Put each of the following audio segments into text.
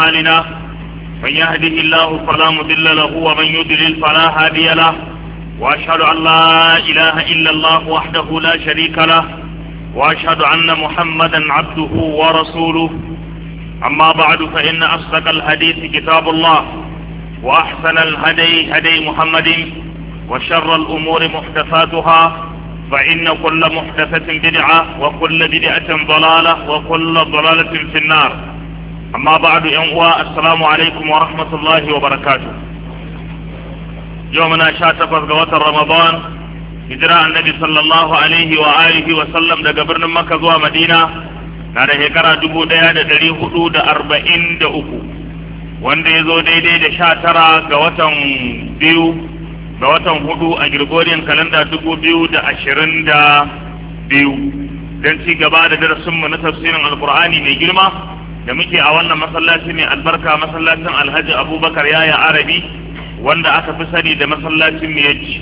أعمالنا من يهده الله فلا مضل له ومن يضلل فلا هادي له وأشهد أن لا إله إلا الله وحده لا شريك له وأشهد أن محمدا عبده ورسوله أما بعد فإن أصدق الحديث كتاب الله وأحسن الهدي هدي محمد وشر الأمور محدثاتها فإن كل محدثة بدعة وكل بدعة ضلالة وكل ضلالة في النار amma ba'du yan uwa assalamu alaikum wa rahmatullahi wa barakatuh yau muna sha takwas ga watan ramadan hijira annabi sallallahu alaihi wa wa sallam daga birnin makka zuwa madina na da shekara dubu ɗaya da dari hudu da arba'in da uku wanda ya zo daidai da sha tara ga watan biyu hudu a gregorian kalanda dubu biyu da ashirin da biyu don ci gaba da darasinmu na tafsirin alkur'ani mai girma da muke a wannan masallaci ne albarka masallacin alhaji abubakar yaya arabi wanda aka fi sani da masallacin miyaji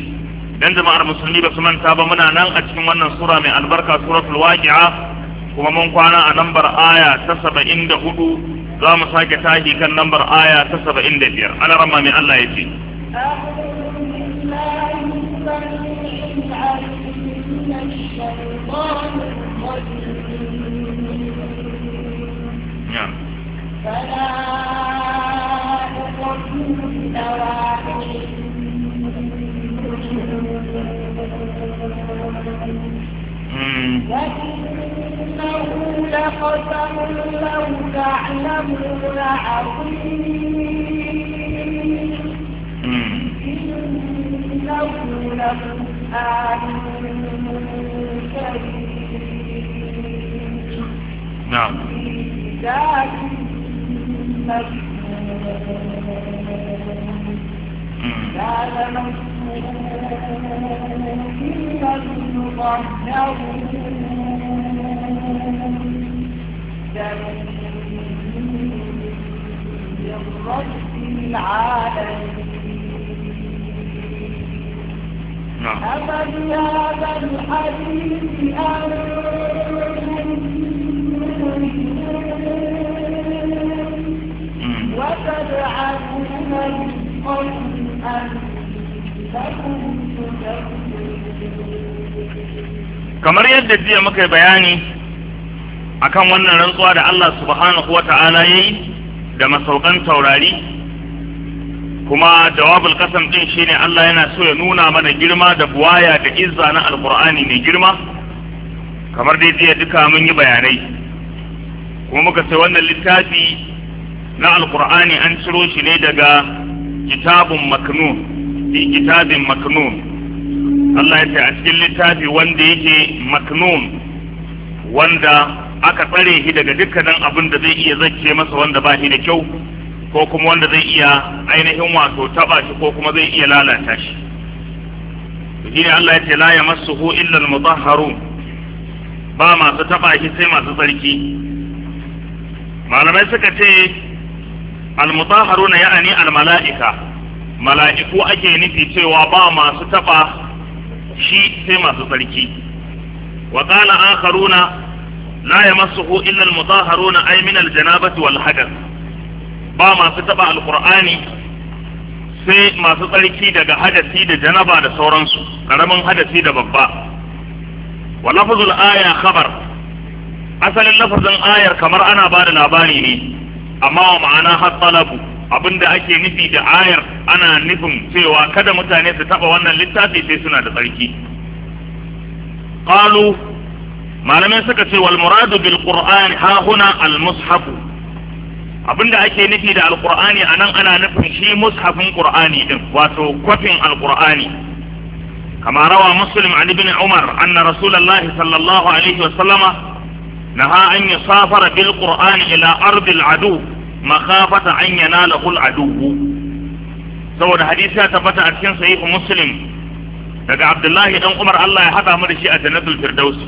dan jama'ar musulmi ba su manta ba muna nan a cikin wannan sura mai albarka suratul waqi'a kuma mun kwana a lambar aya ta saba'in da hudu za mu sake tashi kan lambar aya ta saba'in da biyar ana rama mai allah ya ce الشيطان الرجيم dunya. نعم hmm. كتاب لا تمسوه إلا المطهرون تنزيل رب العالمين أفبهذا الحديث أنتم kamar yadda jiya muka yi bayani akan wannan rantsuwa da Allah subhanahu wa ta'ala ya yi da masaukan taurari kuma jawabul kasam din shine Allah yana so ya nuna mana girma da buwaya da izza na alkur'ani mai girma kamar dai jiya duka mun yi bayanai kuma muka sai wannan littafi na alkur'ani an ciro shi ne daga kitabun maknun fi kitabin maknun Allah ya ce a cikin littafi wanda yake maknun wanda aka tsare shi daga dukkanin abin da zai iya zace masa wanda ba shi da kyau ko kuma wanda zai iya ainihin wato taba shi ko kuma zai iya lalata shi shi ne Allah ya ce la yamassuhu illa al ba masu taba shi sai masu tsarki malamai suka ce almutaharuna ya'ani almala'ika mala'iku ake nufi cewa ba masu taba shi sai masu tsarki wa qala akharuna la yamassuhu illa almutaharuna ay min aljanabati wal hadath ba masu taba alqur'ani sai masu tsarki daga hadasi da janaba da sauransu karamin hadasi da babba wa lafzul aya khabar asalin lafazin ayar kamar ana ba da labari ne amma wa ma'ana har talabu abinda ake nufi da ayar ana nufin cewa kada mutane su taba wannan littafi sai suna da tsarki qalu malamai suka ce wal muradu bil qur'ani ha huna al mushaf abinda ake nufi da alqur'ani anan ana nufin shi mushafin qur'ani din wato kwafin alqur'ani kama rawa muslim an ibn umar anna rasulullahi sallallahu alaihi wa sallama naha an safara bil qur'ani ila ardil adu makhafata an yanalahu al adu saboda hadisi ya tabbata a cikin sahihu muslim daga abdullahi dan umar Allah ya hada mu da shi a jannatul firdausi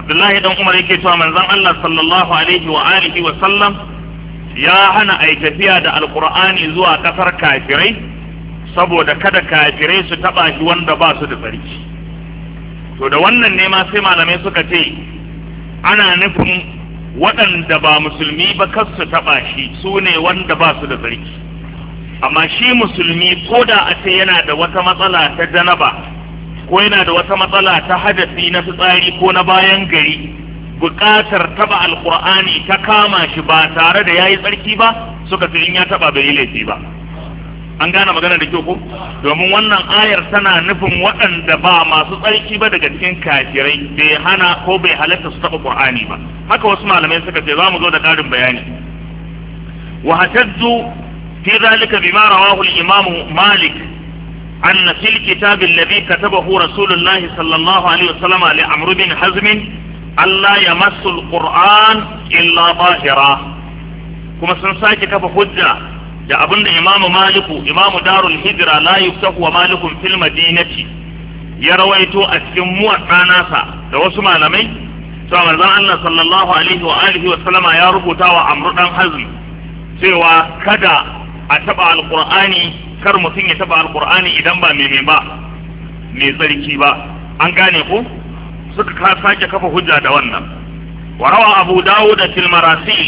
abdullahi dan umar yake cewa manzon Allah sallallahu alaihi wa wa sallam ya hana ayi tafiya da alqur'ani zuwa kasar kafirai saboda kada kafirai su taba shi wanda ba su da tsarki to da wannan ne ma sai malamai suka ce ana nufin waɗanda ba musulmi ba kar taɓa shi su ne wanda ba su da tsarki amma shi musulmi ko da a ce yana da wata matsala ta janaba ko yana da wata matsala ta hadafi na fitsari ko na bayan gari buƙatar taɓa alƙur'ani ta kama shi ba tare da ya yi tsarki ba suka ce in ya taɓa bai yi laifi ba an gane magana da kyau ko domin wannan ayar tana nufin waɗanda ba masu tsarki ba daga cikin kafirai bai hana ko bai halatta su taɓa kur'ani ba haka wasu malamai suka ce za mu zo da ƙarin bayani wa hatazzu fi zalika bima rawahu al-imam malik أن في الكتاب الذي كتبه رسول الله صلى الله عليه وسلم لعمرو بن حزم ألا يمس القرآن إلا ظاهرا كما سنساك da abinda imamu maliku imamu darul hijira la yuftahu wa malikun fil madinati ya rawaito a cikin muwatta da wasu malamai cewa manzon Allah sallallahu alaihi wa alihi wa sallama ya rubuta wa Amr dan Hazm cewa kada a taba alqur'ani kar mutum ya taba alqur'ani idan ba mai ba mai tsarki ba an gane ko suka sake kafa hujja da wannan wa rawa Abu Dawud fil marasi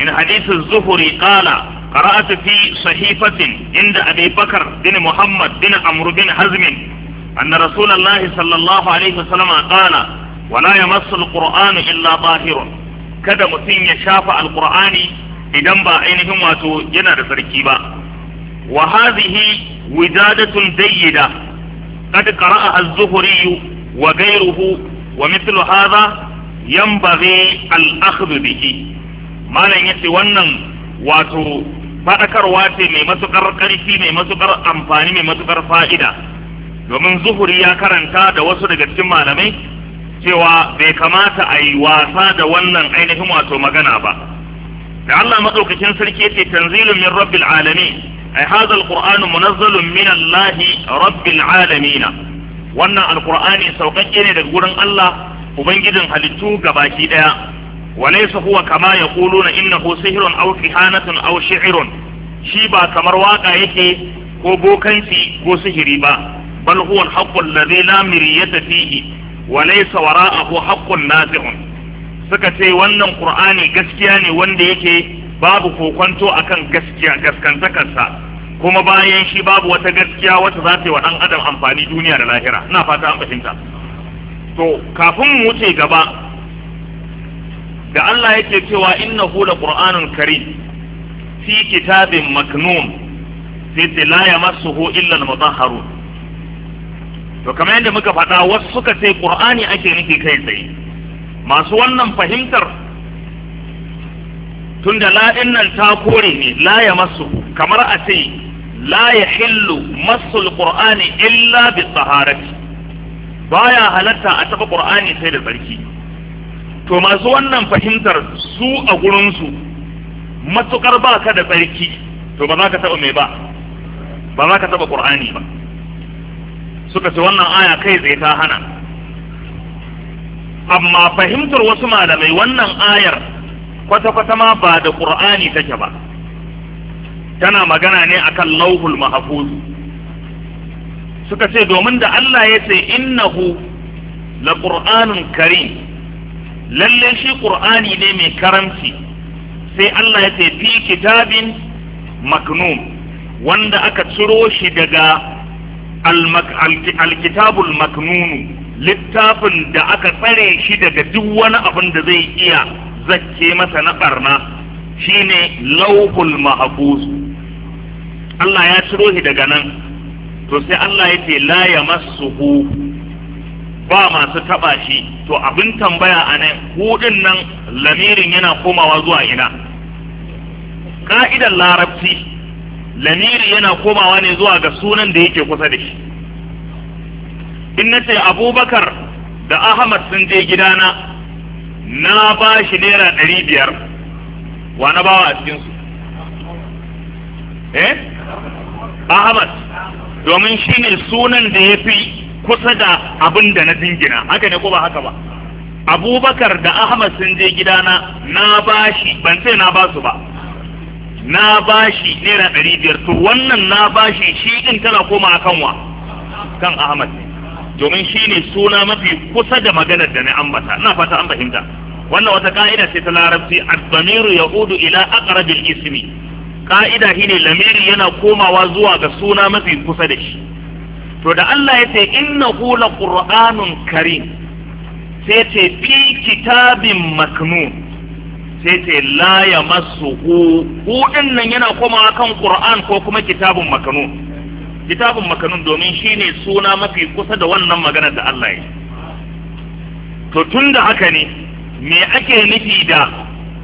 min hadith az-Zuhri qala قرأت في صحيفة عند أبي بكر بن محمد بن عمرو بن حزم أن رسول الله صلى الله عليه وسلم قال ولا يمس القرآن إلا طاهر kada mutum ya shafa alkur'ani idan ba ainihin wato yana da sarki ba wa hadhihi wijadatun dayyida qad qara'a az-zuhri wa ghayruhu wa mithlu hadha yanbaghi al wannan wato faɗakarwa ce mai matuƙar ƙarfi mai matuƙar amfani mai matuƙar fa'ida domin zuhuri ya karanta da wasu daga cikin malamai cewa bai kamata a yi wasa da wannan ainihin wato magana ba da Allah maɗaukakin sarki yace tanzilu min rabbil alamin ai hadha alqur'anu munazzalun min Allah rabbil alamin wannan alqur'ani sauƙaƙe ne daga gurin Allah ubangijin halittu gabaki daya وليس هو كما يقولون إنه سحر أو كهانة أو شعر shi ba kamar waka yake ko bokanci ko sihiri ba bal huwa al-haqqu alladhi la miriyata fihi wa laysa wara'ahu haqqun nafi'un suka ce wannan qur'ani gaskiya ne wanda yake babu kokwanto akan gaskiya gaskantakarsa kuma bayan shi babu wata gaskiya wata za ta yi wa ɗan adam amfani duniya da lahira ina fata an fahimta to kafin mu wuce gaba da Allah yake cewa innahu la qur'anun karim fi kitabin maknun sai ce la yamassuhu illa al-mutahharun to kamar yadda muka faɗa wasu suka ce qur'ani ake nufi kai tsaye masu wannan fahimtar tunda la ta kore ne la yamassuhu kamar a ce la yahillu masul qur'ani illa bi taharati baya halatta a taɓa ƙur'ani sai da tsarki to masu wannan fahimtar su a gurinsu matukar ba ka da tsarki to ba za ka taɓa mai ba ba za ka taɓa ƙur'ani ba suka ce wannan aya kai zai ta hana amma fahimtar wasu malamai wannan ayar kwata-kwata ma ba da ƙur'ani take ba tana magana ne akan lauhul mahafuz suka ce domin da Allah ya ce innahu la ƙur'anun karim lallai shi ƙur'ani ne mai karamci sai Allah ya ce fi kitabin maknum wanda aka ciro shi daga alkitabul maknunu littafin da aka tsare shi daga duk wani abin da zai iya zakke masa na barna shine lauhul mahfuz Allah ya ciro shi daga nan to sai Allah ya ce la yamassuhu ba masu taba shi to abin tambaya a nan hudin nan lamirin yana komawa zuwa ina ka'idar larabci lamiri yana komawa ne zuwa ga sunan da yake kusa da shi in na ce abubakar da ahmad sun je gidana na ba shi naira ɗari biyar wa na bawa a cikinsu eh ahmad domin shi ne sunan da ya fi kusa da abin da na jingina haka ne ko ba haka ba abubakar da ahmad sun je gidana na ba shi ban sai na ba su ba na bashi naira ɗari biyar to wannan na bashi shi in tana koma akan wa kan Ahmad ne domin shi ne suna mafi kusa da maganar da na ambata ina fata an fahimta wannan wata ka'ida ce ta larabci ad-damiru yaudu ila aqrabil ismi ka'ida shine lamiri yana komawa zuwa ga suna mafi kusa da shi to da Allah ya ce innahu laqur'anun karim sai ce fi kitabin maknun sai ce la ya masu hu hu nan yana komawa kan qur'an ko kuma kitabun makanu kitabun makanun domin shine suna mafi kusa da wannan magana da Allah ya to tunda haka ne me ake nufi da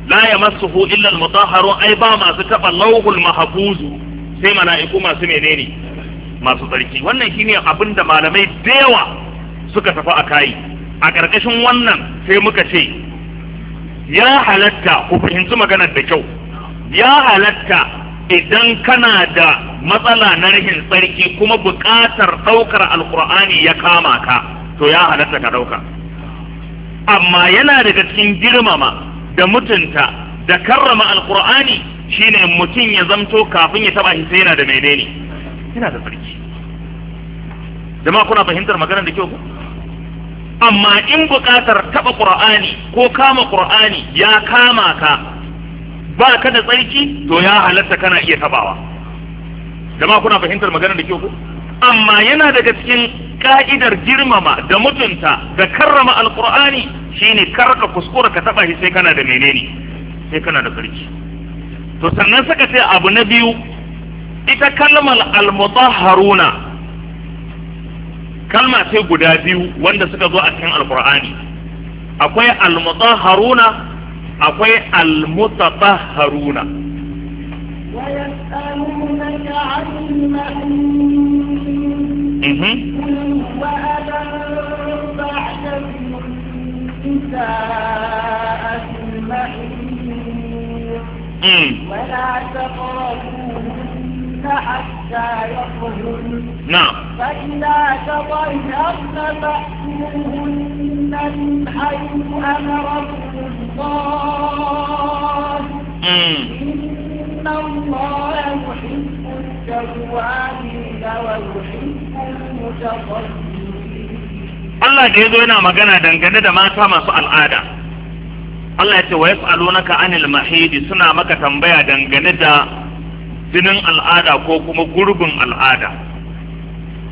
la ya masu hu ai ba masu taba lauhul mahfuz sai mala'iku masu menene masu tsarki wannan shine abin da malamai da yawa suka tafi a kai a ƙarƙashin wannan sai muka ce ya halatta ku fahimci maganar da kyau ya halatta idan kana da matsala na rashin tsarki kuma buƙatar ɗaukar alkur'ani ya kama ka to ya halatta ka ɗauka amma yana daga cikin girmama da mutunta da karrama alkur'ani shine mutum ya zamto kafin ya taba hisa yana da menene yana da tsarki jama'a kuna fahimtar maganar da kyau ku? amma in buƙatar taɓa ƙur'ani ko kama ƙur'ani ya kama ka ba ka da tsarki to ya halatta kana iya taɓawa jama'a kuna fahimtar maganar da ke ku amma yana daga cikin ka'idar girmama da mutunta da karrama alƙur'ani shine karka kuskura ka taɓa shi sai kana da menene sai kana da tsarki to sannan saka sai abu na biyu ita kalmar al-mutahharuna kalma sai guda biyu wanda suka zo a cikin alkur'ani akwai almutahharuna akwai almutatahharuna mhm. mm. ولا تقربوهن حتى يطهرن نعم فإذا تطهرن فأتوهن من حيث إن الله يحب التوابين ويحب المتطهرين Allah da ya zo yana magana dangane da mata masu al'ada. Allah ya ce wa yas'alunaka anil mahidi suna maka tambaya dangane da jinin al'ada ko kuma gurbin al'ada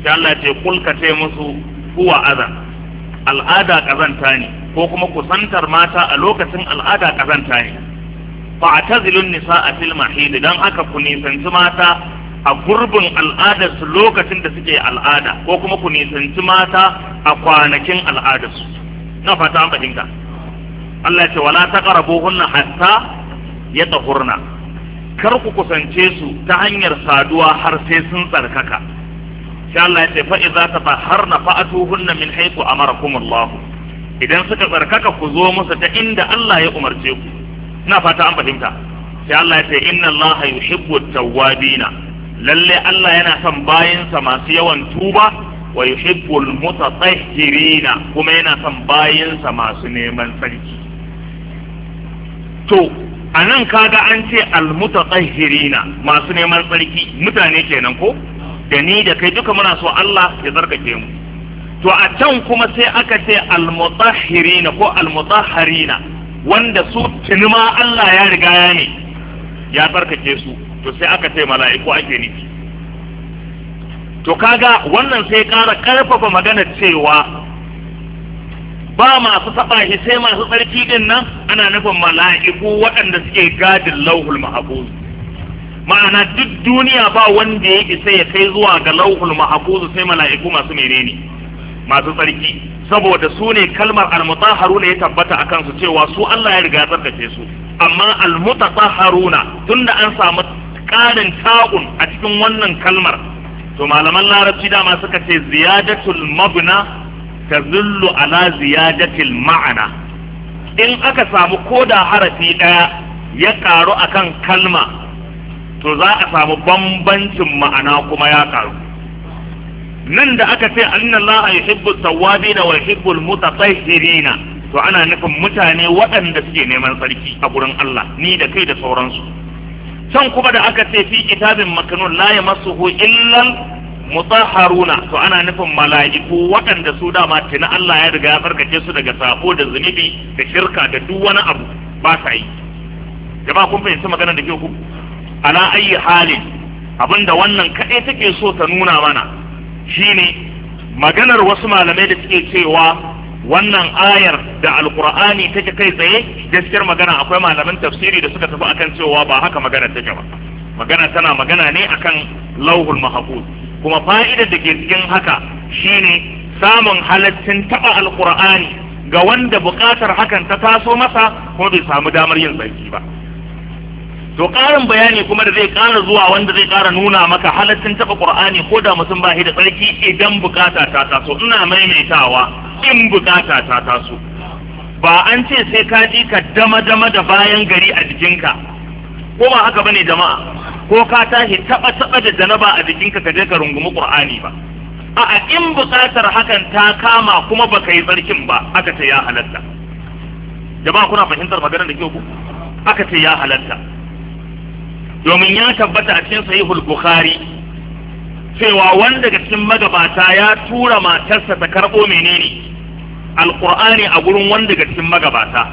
sai Allah ce ka ce musu huwa azan al'ada kazanta ne ko kuma kusantar mata a lokacin al'ada kazanta ne fa atazilun a fil mahid dan haka ku nisanci mata a gurbin su lokacin da suke al'ada ko kuma ku nisanci mata a kwanakin su na fata an fahimta Allah ce wala taqrabuhunna hatta yatahurna kar ku kusance su ta hanyar saduwa har sai sun tsarkaka sha Allah ya ce fa idza tatahharna fa'atuhunna min haythu amarakum Allah idan suka tsarkaka ku zo musu ta inda Allah ya umarce ku ina fata an fahimta Sha Allah ya ce inna Allah yuhibbu tawwabina lalle Allah yana son bayinsa masu yawan tuba wa yuhibbu mutatahhirina kuma yana son bayinsa masu neman tsarki to a nan kaga an ce almutatahhirina masu neman tsarki mutane kenan ko da ni da kai duka muna so Allah ya tsarkake mu to a can kuma sai aka ce almutahhirina ko almutahharina wanda su Allah ya riga ya ne ya tsarkake su to sai aka ce mala'iku ake nufi to kaga wannan sai ƙara ƙarfafa magana cewa ba masu saba shi sai masu tsarki din nan ana nufin mala'iku waɗanda suke gadin lauhul mahabuz ma'ana duk duniya ba wanda ya isa ya kai zuwa ga lauhul mahabuz sai mala'iku masu menene masu tsarki saboda su ne kalmar almutaharuna ya tabbata akan su cewa su Allah ya riga tsarkake su amma almutaharuna tunda an samu ƙarin ta'un a cikin wannan kalmar to malaman larabci dama suka ce ziyadatul mabna tadullu ala ziyadatil ma'ana in aka samu koda harafi daya ya karu akan kalma to za a samu bambancin ma'ana kuma ya karu nan da aka ce annallaha yuhibbu tawwabina wa yuhibbu almutatahhirina to ana nufin mutane waɗanda suke neman sarki a gurin Allah ni da kai da sauransu can kuma da aka ce fi kitabin makanun la yamassuhu illa mutaharuna to ana nufin mala'iku waɗanda su dama tuni Allah ya riga ya farkace su daga sabo da zunubi da shirka da duk wani abu ba sa yi ba kun fahimci maganar da ke ku ala ayi halin abinda wannan kaɗai take so ta nuna mana shine maganar wasu malamai da suke cewa wannan ayar da alkur'ani take kai tsaye gaskiyar magana akwai malaman tafsiri da suka tafi akan cewa ba haka magana take ba magana tana magana ne akan lauhul mahfuz kuma fa'idar da ke cikin haka shine samun halaccin taɓa alƙur'ani ga wanda buƙatar hakan ta taso masa ko bai samu damar yin tsarki ba to ƙarin bayani kuma da zai ƙara zuwa wanda zai ƙara nuna maka halaccin taɓa ƙur'ani ko da mutum ba da tsarki idan buƙata ta taso ina maimaitawa in buƙata ta taso ba an ce sai ka ji ka dama dama da bayan gari a jikinka ko ba haka bane jama'a ko ka tashi taba taba da janaba a jikinka ka je ka rungumi qur'ani ba a in bukatar hakan ta kama kuma baka yi tsarkin ba aka ce ya halatta jama'a kuna fahimtar maganar da ke ku aka ce ya halatta domin ya tabbata a cikin sahihul bukhari cewa wanda daga cikin magabata ya tura matarsa ta karbo menene alqur'ani a gurin wanda daga cikin magabata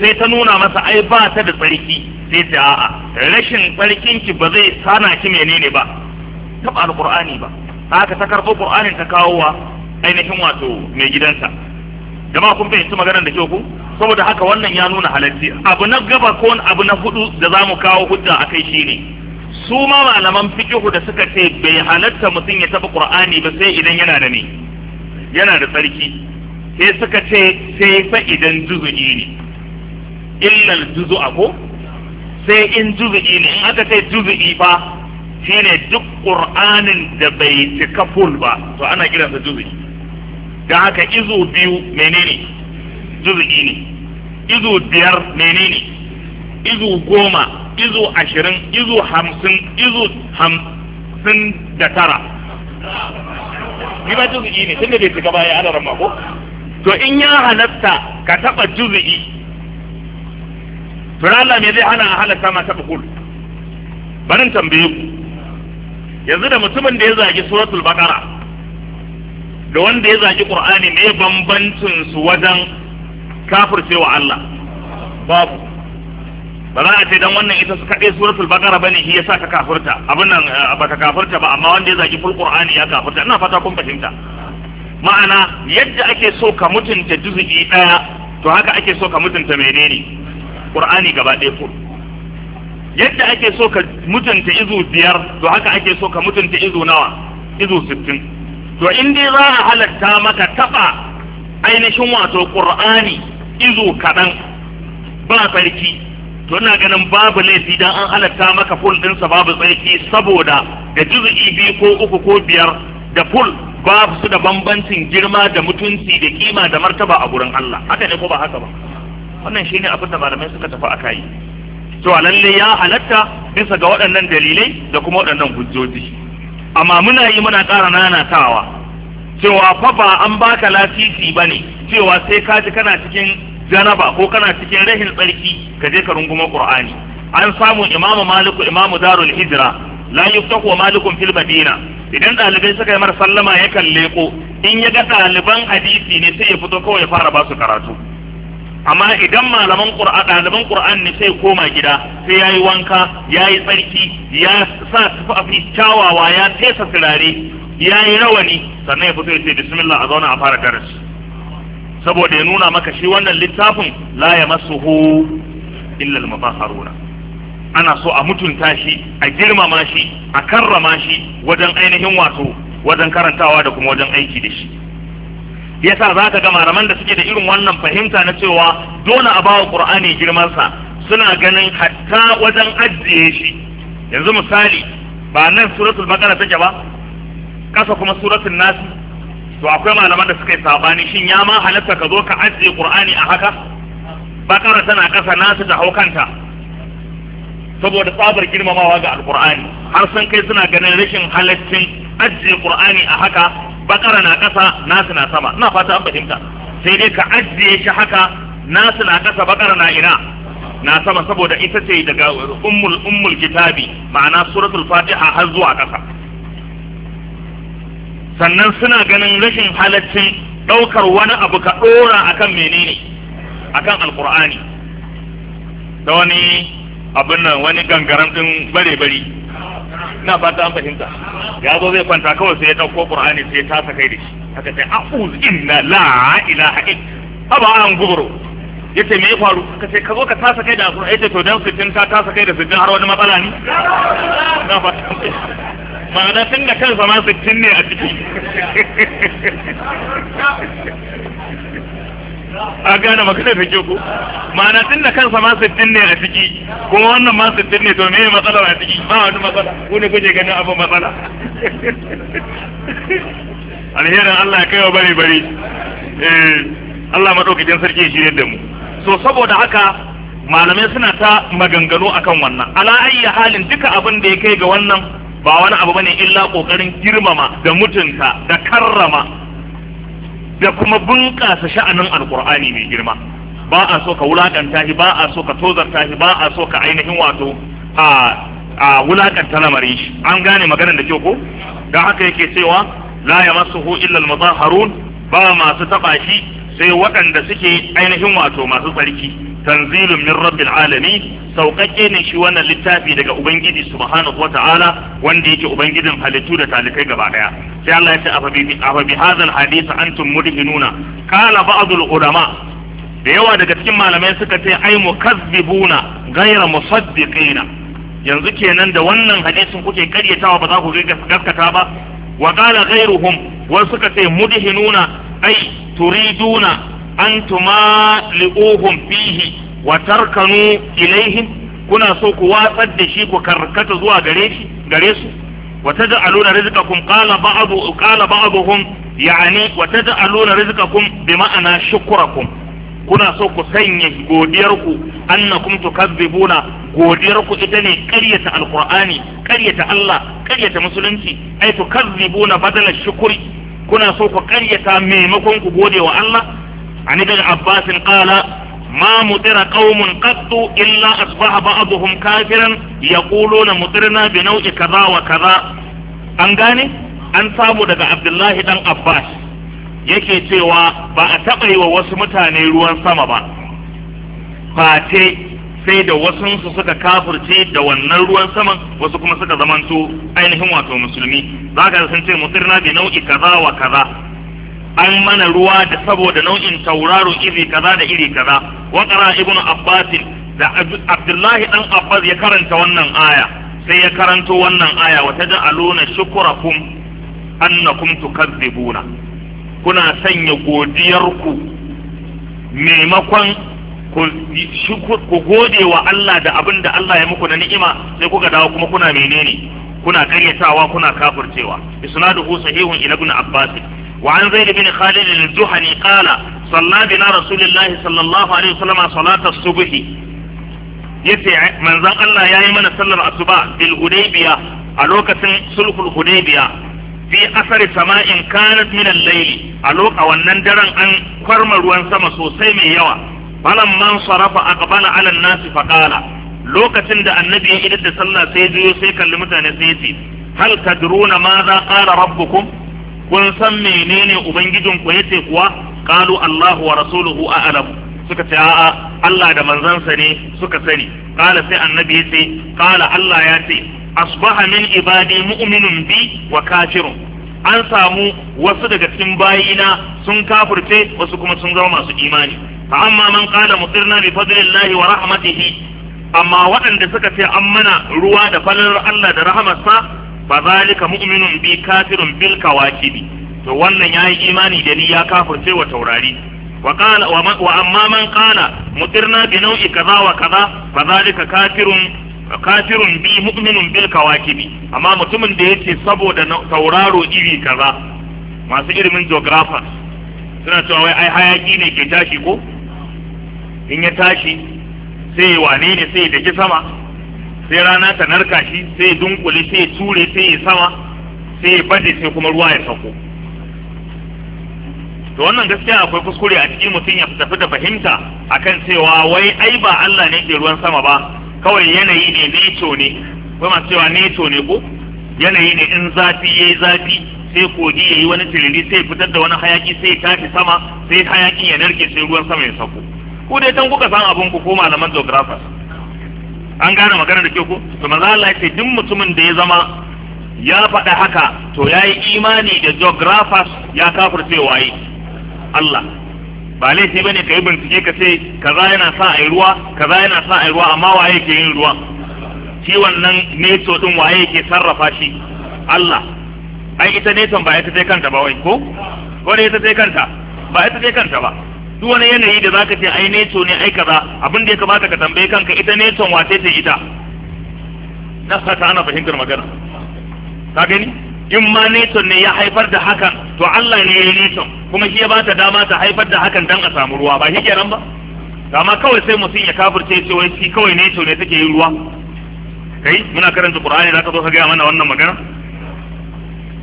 sai ta nuna masa ai ba ta da tsarki sai ta a'a rashin tsarkin ki ba zai sana ki menene ba ba alqur'ani ba haka ta karbo qur'anin ta kawo wa ainihin wato mai gidansa jama'a kun fahimci maganar da kyau ku saboda haka wannan ya nuna halarci abu na gaba ko abu na hudu da zamu kawo hujja akai kai shine su ma malaman fikihu da suka ce bai halatta mutum ya taba qur'ani ba sai idan yana da ne yana da tsarki sai suka ce sai fa idan juzu'i ne illal juzu'a ko sai in juzu'i ne in aka kai juzu'i fa shine duk qur'anin da bai cika full ba to ana kiransa juzu'i da haka izu biyu menene juzu'i ne izu biyar menene izu goma izu ashirin izu hamsin izu hamsin da tara ni ba juzu'i ne tunda bai cika ba ya ana ramako to in ya halatta ka taba juzu'i to me zai hana a halarta ma ta bukul barin tambaye ku yanzu da mutumin da ya zagi suratul baqara da wanda ya zagi qur'ani me bambancin su wajen kafircewa Allah babu bara a ce dan wannan ita su kaɗai suratul baqara bane shi yasa ka kafirta abin nan eh, baka kafirta ba amma wanda ya zagi ful qur'ani ya kafirta ina fata kun fahimta ma'ana yadda ake so ka mutunta juzu'i daya to haka ake so ka mutunta menene qur'ani gaba ɗaya ko yadda ake so ka mutunta izu biyar to haka ake so ka mutunta izu nawa izu sittin to in dai za a halatta maka taɓa ainihin wato qur'ani izu kaɗan ba tsarki to ina ganin babu laifi dan an halatta maka ful ɗinsa babu tsarki saboda da juz'i biyu ko uku ko biyar da ful babu su da bambancin girma da mutunci da kima da martaba a gurin Allah haka ne ko ba haka ba wannan ne abin da malamai suka tafi aka yi to a lalle ya halatta bisa ga waɗannan dalilai da kuma waɗannan hujjoji amma muna yi muna ƙara nanatawa cewa fa ba an baka lasisi ba ne cewa sai ka ji kana cikin janaba ko kana cikin rahin tsarki ka je ka runguma qur'ani an samu imamu maliku imamu darul hijra la yuftahu malikun fil madina idan dalibai suka yi mar sallama ya kalle ko in ya ga ɗaliban hadisi ne sai ya fito kawai ya fara ba su karatu amma idan malaman qur'an ɗaliban qur'an ne sai koma gida sai yayi wanka yayi tsarki ya sa fi kyawawa ya tesa turare yayi rawani sannan ya fito ya ce bismillah a zauna a fara darasi saboda ya nuna maka shi wannan littafin la yamassuhu illa al-mutahharuna ana so a mutunta shi a girmama shi a karrama shi wajen ainihin wato wajen karantawa da kuma wajen aiki da shi yasa za ka ga malaman da suke da irin wannan fahimta na cewa dole a bawa qur'ani girmansa suna ganin hatta wajen ajiye shi yanzu misali ba nan suratul baqara take ba kasa kuma suratul nas to akwai malaman da suka yi sabani shin ya ma halatta ka zo ka ajiye qur'ani a haka bakara tana kasa nasu ta haukanta saboda tsabar girmamawa ga alqur'ani har sun kai suna ganin rashin halaccin ajiye qur'ani a haka bakara na ƙasa nasu na sama ina fata an fahimta sai dai ka ajiye shi haka nasu na ƙasa bakara na ina na sama saboda ita ce daga ummul ummul kitabi ma'ana suratul fatiha har zuwa ƙasa sannan suna ganin rashin halaccin ɗaukar wani abu ka ɗora akan menene akan alkur'ani da wani abin nan wani gangaren ɗin bare-bare na fata an fahimta ya zo zai kwanta kawai sai ya dauko qur'ani sai ya tasa kai da shi haka sai a'uz inna la ilaha illa ba an gubro yace me ya faru haka sai ka zo ka tasa kai da qur'ani yace to dan sittin ka tasa kai da sittin har wani matsala ne na fata ma'ana tun da kansa ma sittin ne a ciki a gane magana da ke ko ma'ana tun da kansa ma sittin ne a ciki kuma wannan ma sittin ne to me matsala a ciki ba wani matsala ko ne kuke ganin abin matsala alherin Allah ya wa bari bari eh Allah madaukakin sarki shi da mu so saboda haka malamai suna ta maganganu akan wannan ala ayyi halin duka abin da ya kai ga wannan ba wani abu bane illa kokarin girmama da mutunta da karrama da kuma bunƙasa sha'anin Alƙur'ani mai girma ba a so ka wulakanta shi ba a so ka tozarta shi ba a so ka ainihin wato a a lamarin shi an gane maganar da kyau ko da haka yake cewa la masu illa al mazaharun ba masu taɓa shi sai waɗanda suke ainihin wato masu tsarki tanzilun min rabbil alami sauƙaƙe ne shi wannan littafi daga ubangiji subhanahu wata'ala wanda yake ubangijin halittu da talikai gaba daya sai Allah ya ce afa bi hadhal hadith antum mudhinuna qala ba'dul ulama da yawa daga cikin malamai suka ce ai mukazzibuna ghayra musaddiqina yanzu kenan da wannan hadisin kuke karyatawa ba za ku gaskata ba wa qala ghayruhum wasu suka ce mudhinuna ai turiduna an tuma li'uhum fihi wa tarkanu ilaihim kuna so ku watsar da shi ku karkata zuwa gare shi gare su wa taj'aluna rizqakum qala ba'du qala ba'duhum yani wa taj'aluna rizqakum bi ma'ana shukurakum kuna so ku sanya godiyar ku annakum tukazzibuna godiyar ku ita ne ƙaryata alqur'ani ƙaryata Allah ƙaryata musulunci ai tukazzibuna badala shukuri kuna so ku ƙaryata maimakon ku gode wa Allah عن ابن عباس قال ما مطر قوم قط إلا أصبح بعضهم كافرا يقولون مطرنا بنوع كذا وكذا أنغاني أن سابو دقى عبد الله دن عباس yake cewa ba a taɓa yi wa wasu mutane ruwan sama ba face sai da wasunsu suka kafurce da wannan ruwan saman wasu kuma suka zamanto ainihin wato musulmi za ka sun ce mutirna bi nau'i kaza wa kaza an mana ruwa da saboda nau'in tauraro iri kaza da iri kaza wa qara ibnu abbas da abdullahi dan abbas ya karanta wannan aya sai ya karanto wannan aya wa taj'aluna shukrakum annakum tukazzibuna kuna sanya godiyarku maimakon ku gode wa Allah da abin da Allah ya muku na ni'ima sai kuka dawo kuma kuna menene kuna karyatawa kuna kafircewa isnaduhu sahihun ila ibn abbas وعن زيد بن خالد الجهني قال صلى بنا رسول الله صلى الله عليه وسلم صلاة الصبح yace manzon Allah ya yi mana sallar asuba bil hudaybiya a lokacin sulhul hudaybiya fi asari sama'in kanat min layli a lokacin wannan daren an kwarma ruwan sama sosai mai yawa falan man sarafa aqbala ala an-nas fa qala lokacin da annabi ya da sallah sai juyo sai kalli mutane sai yace hal tadruna ma za rabbu rabbukum kun san menene ubangijin ku yace kuwa qalu Allahu wa rasuluhu a'lam suka ce a'a Allah da manzansa ne suka sani qala sai annabi yace qala Allah ya ce asbaha min ibadi mu'minun bi wa kafirun an samu wasu daga cikin bayina sun kafirce wasu kuma sun zama masu imani fa amma man qala mutirna bi fadlillahi wa rahmatihi amma waɗanda suka ce an mana ruwa da falar Allah da rahamarsa ba zalika mu'minun bi kafirun bil kawakibi to wannan yayi imani da ni ya kafirce wa taurari wa qala wa amma man qala mutirna bi nau'i kaza wa kaza fa zalika kafirun kafirun bi mu'minun bil kawakibi amma mutumin da yake saboda tauraro iri kaza masu ilimin geographer suna cewa wai ai hayaki ne ke tashi ko in ya tashi sai wane ne sai da sama sai rana ta narka shi sai dunkule sai ya ture sai ya sama sai ya sai kuma ruwa ya sako to wannan gaskiya akwai kuskure a cikin mutum ya tafi da fahimta akan cewa wai ai ba Allah ne ke ruwan sama ba kawai yanayi ne neco ne kuma masu cewa neco ne ko yanayi ne in zafi yayi zafi sai kogi yayi wani tiriri sai fitar da wani hayaki sai ya tafi sama sai hayakin ya narke sai ruwan sama ya sako ko dai tan kuka san abun ku ko malaman geographers an gane magana da kyau ko to manzo Allah ya duk mutumin da ya zama ya faɗa haka to ya yi imani da geographers ya kafirce waye Allah ba laifi bane ka yi bincike ka ce kaza yana sa a yi ruwa kaza yana sa a yi ruwa amma waye ke yin ruwa shi wannan neto din waye ke sarrafa shi Allah ai ita neton ba ita sai kanta ba wai ko ko ne ita sai kanta ba ita sai kanta ba duk wani yanayi da zaka ce ai neto ne ai kaza abin da ya kamata ka tambaye kanka ita neton wace ce ita na ta ana fahimtar magana ka gani in ma neton ne ya haifar da hakan to Allah ne ya yi neton kuma shi ya bata dama ta haifar da hakan dan a samu ruwa ba shi kenan ba amma kawai sai mutum ya kafirce ce wai shi kawai neto ne take yin ruwa kai muna karanta Qur'ani zaka zo ka ga mana wannan magana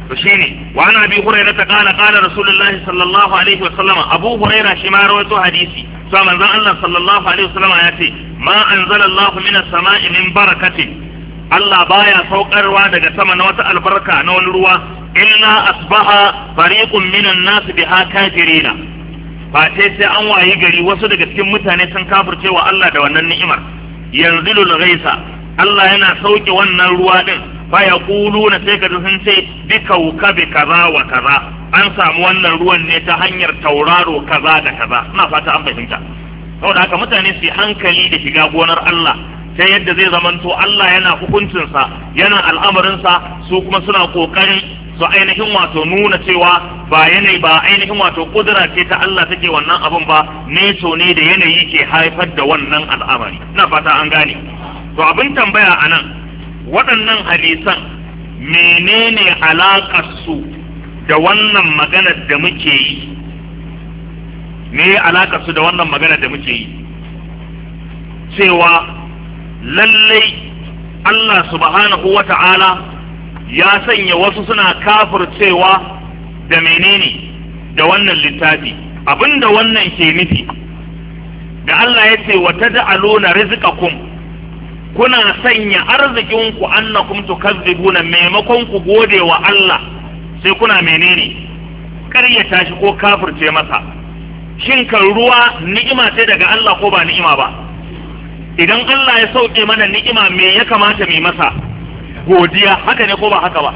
to shine wa ana bi ta kana kana rasulullahi sallallahu alaihi wasallam abu hurairah shi ma rawaito hadisi to manzon Allah sallallahu alaihi wasallam ya ce ma anzalallahu minas sama'i min barakatin Allah baya saukarwa daga sama na wata albarka na wani ruwa illa asbaha fariqun minan nas biha kafirina ba sai sai an wayi gari wasu daga cikin mutane sun wa Allah da wannan ni'imar yanzilul ghaisa Allah yana sauke wannan ruwa din Baya Kulu sai ka sun ce bi kaza wa kaza an samu wannan ruwan ne ta hanyar tauraro kaza da kaza ina fata an fahimta saboda haka mutane su yi hankali da shiga gonar Allah ta yadda zai zamanto Allah yana hukuncinsa yana al'amarinsa su kuma suna kokarin su ainihin wato nuna cewa ba yanayi ba ainihin wato kudura ce ta Allah take wannan abin ba neso ne da yanayi ke haifar da wannan al'amari ina fata an gane to abin tambaya a nan waɗannan hadisan menene su da wannan maganar da muke yi alaƙar su da wannan maganar da muke yi cewa lallai Allah subhanahu wa ya sanya wasu suna cewa da menene da wannan littafi abinda wannan ke nufi da Allah ya ce wa ta da'aluna rizqakum kuna sanya arzikinku annakum tukazzibuna maimakon ku gode wa Allah sai kuna menene ya shi ko kafirce masa shin kan ruwa ni'ima sai daga Allah ko ba ni'ima ba idan Allah ya sauke mana ni'ima me ya kamata mai masa godiya haka ne ko ba haka ba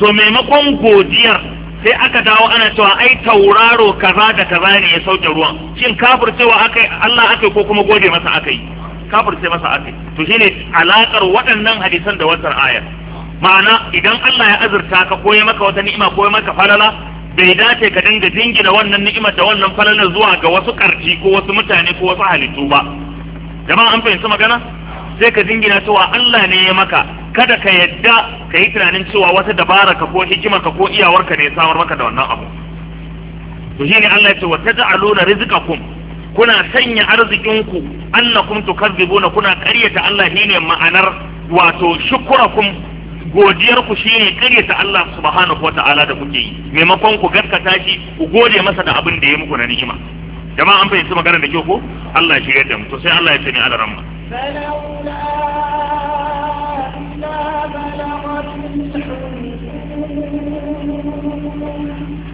to maimakon godiyar sai aka dawo ana cewa ai tauraro kaza da kaza ne ya sauke ruwan shin kafircewa akai Allah akai ko kuma gode masa aka yi sai masa ake to shine alakar waɗannan hadisan da wannan aya ma'ana idan Allah ya azurta ka ko ya maka wata ni'ima ko ya maka falala bai dace ka dinga dingina wannan ni'ima da wannan falalar zuwa ga wasu karfi ko wasu mutane ko wasu halittu ba jama'a an fahimci magana sai ka dingina cewa Allah ne ya maka kada ka yadda ka yi tunanin cewa wata dabara ka ko hikima ka ko iyawarka ne ya samar maka da wannan abu to shine Allah ya ce wa taj'aluna rizqakum kuna sanya arzikinku annakum tukazzibuna kuna ƙaryata Allah shine ma'anar wato shukurakum godiyarku shine ƙaryata Allah subhanahu wata'ala da kuke yi maimakon ku gaskata shi ku gode masa da abin da ya muku na ni'ima jama'a an fahimci magana da kyau ko Allah shi yadda mu to sai Allah ya ce ni ala ramma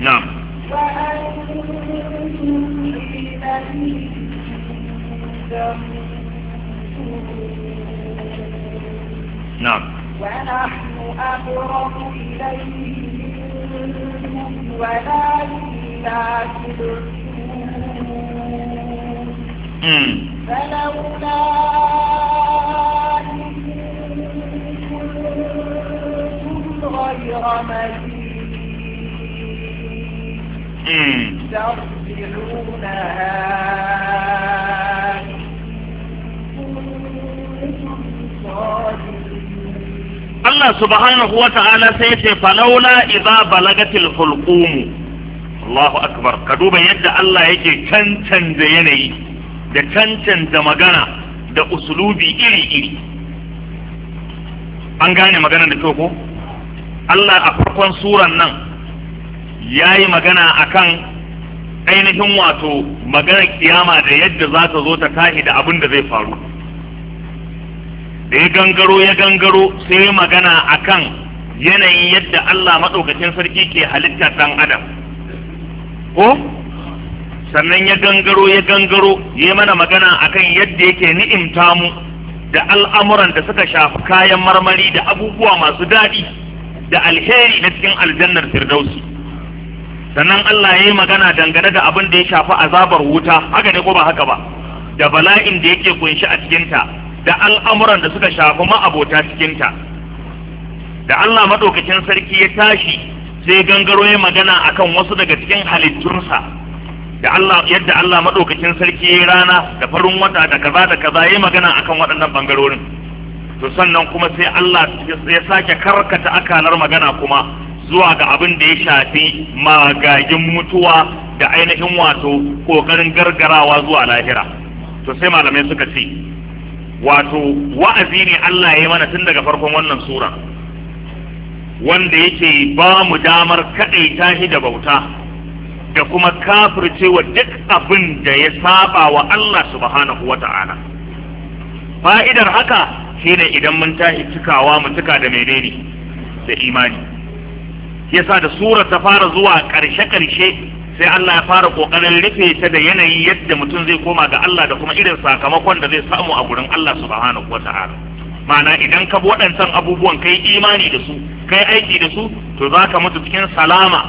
na'am نعم ونحن أقرب إليه منكم ولكن لا تبصرون فلولا غير مدين Hmm. Allah subhanahu wa ta'ala sai ce falaula idza balagatil hulqum Allahu akbar ka duba yadda Allah yake cancanta yanayi da cancanta magana da usulubi iri iri an gane magana da kyau ko Allah a farkon suran nan ya yi magana a kan ainihin wato maganar kiyama da yadda za ta zo ta tahi da abin da zai faru da ya gangaro ya gangaro sai yi magana akan yanayin yadda Allah maɗaukacin sarki ke halittar ɗan adam ko sannan ya gangaro ya gangaro ya yi mana magana akan yadda yake ni'imta mu da al'amuran da suka shafi kayan marmari da abubuwa masu daɗi da alheri na cikin aljannar firdausi sannan Allah ya yi magana dangane da abin da ya shafi azabar wuta haka ne ko ba haka ba da bala'in da yake kunshi a cikinta da al'amuran da suka shafi ma'abota cikinta da Allah maɗaukacin sarki ya tashi sai gangaro ya magana akan wasu daga cikin halittunsa da Allah yadda Allah maɗaukacin sarki ya rana da farin wata da kaza da kaza ya magana akan waɗannan bangarorin to sannan kuma sai Allah ya sake karkata akalar magana kuma zuwa ga abin da ya shafi magagin mutuwa da ainihin wato kokarin gargarawa zuwa lahira to sai malamai suka ce wato wa'azi ne Allah ya yi mana tun daga farkon wannan sura wanda yake ba mu damar kaɗai tashi da bauta da kuma kafircewa duk abin da ya saba wa Allah subhanahu wa ta'ala fa'idar haka shine idan mun tashi cikawa mu cika da menene da imani yasa da sura ta fara zuwa karshe karshe sai Allah ya fara kokarin rufe ta da yanayi yadda mutum zai koma ga Allah da kuma irin sakamakon da zai samu a gurin Allah subhanahu wata'ala ma'ana idan ka bi waɗancan abubuwan kai imani da su kai aiki da su to za ka mutu cikin salama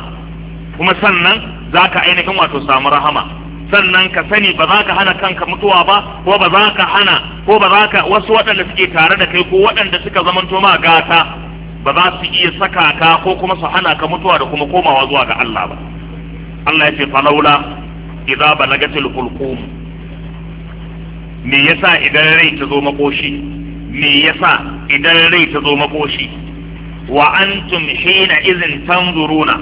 kuma sannan za ka ainihin wato samu rahama sannan ka sani ba za ka hana kanka mutuwa ba ko ba za ka hana ko ba za ka wasu waɗanda suke tare da kai ko waɗanda suka zamanto ma gata ba za su iya saka ka ko kuma su hana ka mutuwa da kuma komawa zuwa ga Allah ba Allah ya ce falaula idza balagatil hulqum me yasa idan rai ta zo makoshi me yasa idan rai ta zo makoshi wa antum hina izin tanzuruna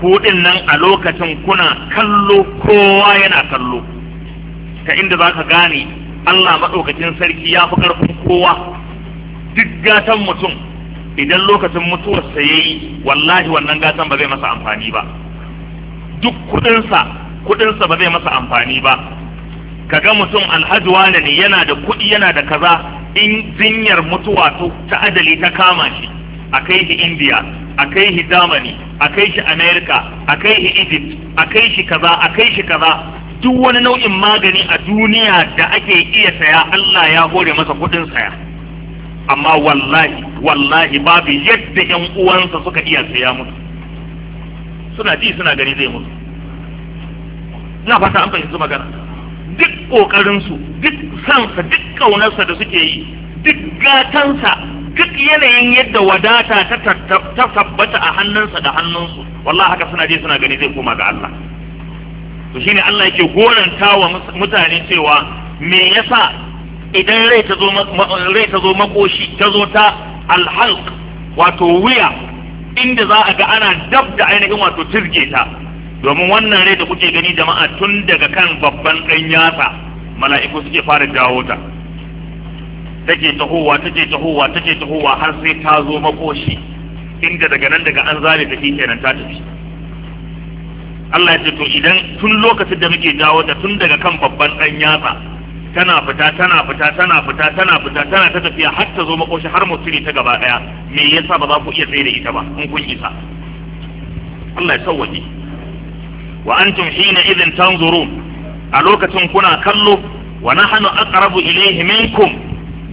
ku nan a lokacin kuna kallo kowa yana kallo Ka inda zaka gane Allah madaukakin sarki ya fi karfin kowa duk gatan mutum idan lokacin mutuwarsa ya yi wallahi wannan gatan ba zai masa amfani ba duk kudinsa kudinsa ba zai masa amfani ba kaga mutum alhaji wane ne yana da kudi yana da kaza in jinyar mutuwa ta adali ta kama shi a kai shi india a kai shi germany a kai shi america a kai shi egypt a kai shi kaza a kai shi kaza duk wani nau'in magani a duniya da ake iya saya allah ya hore masa kudin saya amma wallahi wallahi babu yadda yan uwansa suka iya saya musu mutu suna ji suna gani zai mutu na fata an fahimci magana duk ƙoƙarinsu duk sansa duk ƙaunarsa da suke yi duk gatansa duk yanayin yadda wadata ta tabbata a hannunsa da hannunsu wallahi haka suna je suna gani zai koma ga Allah to shine Allah yake goranta wa mutane cewa me yasa idan rai ta zo makoshi ta zo ta alhalk wato wuya inda za a ga ana dab da ainihin wato tirge ta domin wannan rai da kuke gani jama'a tun daga kan babban ɗan yasa mala'iku suke fara dawo ta take tahowa take tahowa take tahowa har sai ta zo makoshi inda daga nan daga an zale ta kenan ta tafi Allah ya ce to idan tun lokacin da muke dawo ta tun daga kan babban ɗan yasa tana fita tana fita tana fita tana fita tana ta tafiya har ta zo makoshi har mutune ta gaba daya me yasa ba za ku iya tsaye da ita ba in kun isa Allah ya sauwaje wa antum hina idhin tanzurun a lokacin kuna kallo wa nahnu aqrabu ilayhi minkum